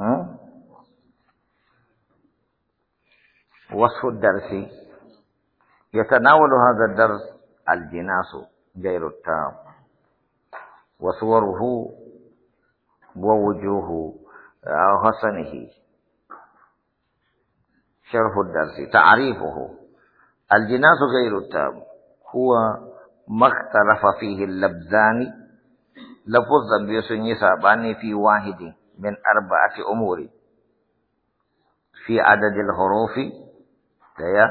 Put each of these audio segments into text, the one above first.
ها وصف الدرس يتناول هذا الدرس الجناس غير التام وصوره ووجوه آه، حسنه شرح الدرس تعريفه الجناس غير التام هو ما اختلف فيه اللبزان لفظا بيسن يسابان في واحد من أربعة أمور في عدد الحروف تيا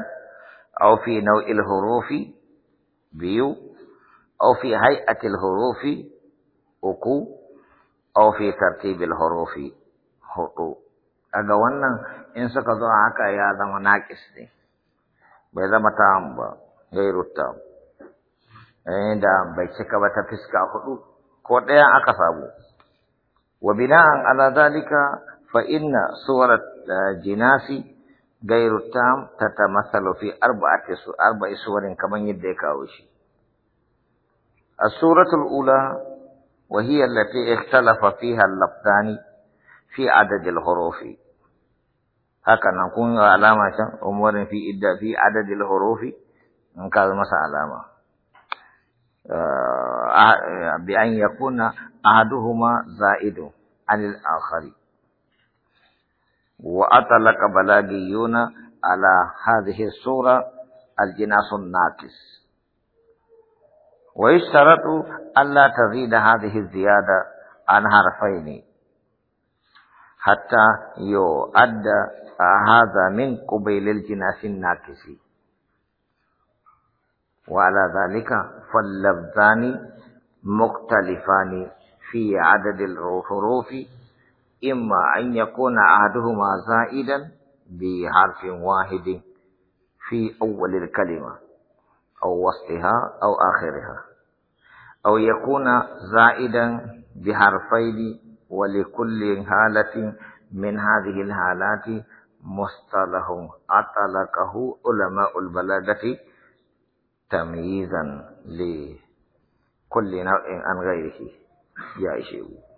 أو في نوع الحروف بيو أو في هيئة الحروف أكو أو في ترتيب الحروف هو أجوانا إن سكتوا عكا يا دم ناقص دي بذا ما تام غير التام إن إيه دا بيسكوا تفسكوا هو كوتيا أكثابو وبناء على ذلك فإن صورة جناسي غير التام تتمثل في أربعة أربع صور كما يدك أوشي الصورة الأولى وهي التي اختلف فيها اللفظان في عدد الحروف haka nan kun yi alama can umarin fi idda fi adadil hurufi in ka masa alama bi an yakuna أحدهما زائد عن الآخر وأطلق بلاغيون على هذه الصورة الجناس الناقص ويشترط ألا تزيد هذه الزيادة عن حرفين حتى يؤدى هذا من قبيل الجناس الناقص وعلى ذلك فاللفظان مختلفان في عدد الحروف إما أن يكون أحدهما زائدا بحرف واحد في أول الكلمة أو وسطها أو آخرها أو يكون زائدا بحرفين ولكل حالة من هذه الحالات مصطلح أطلقه علماء البلاغة تمييزا لكل نوع عن غيره 也是我。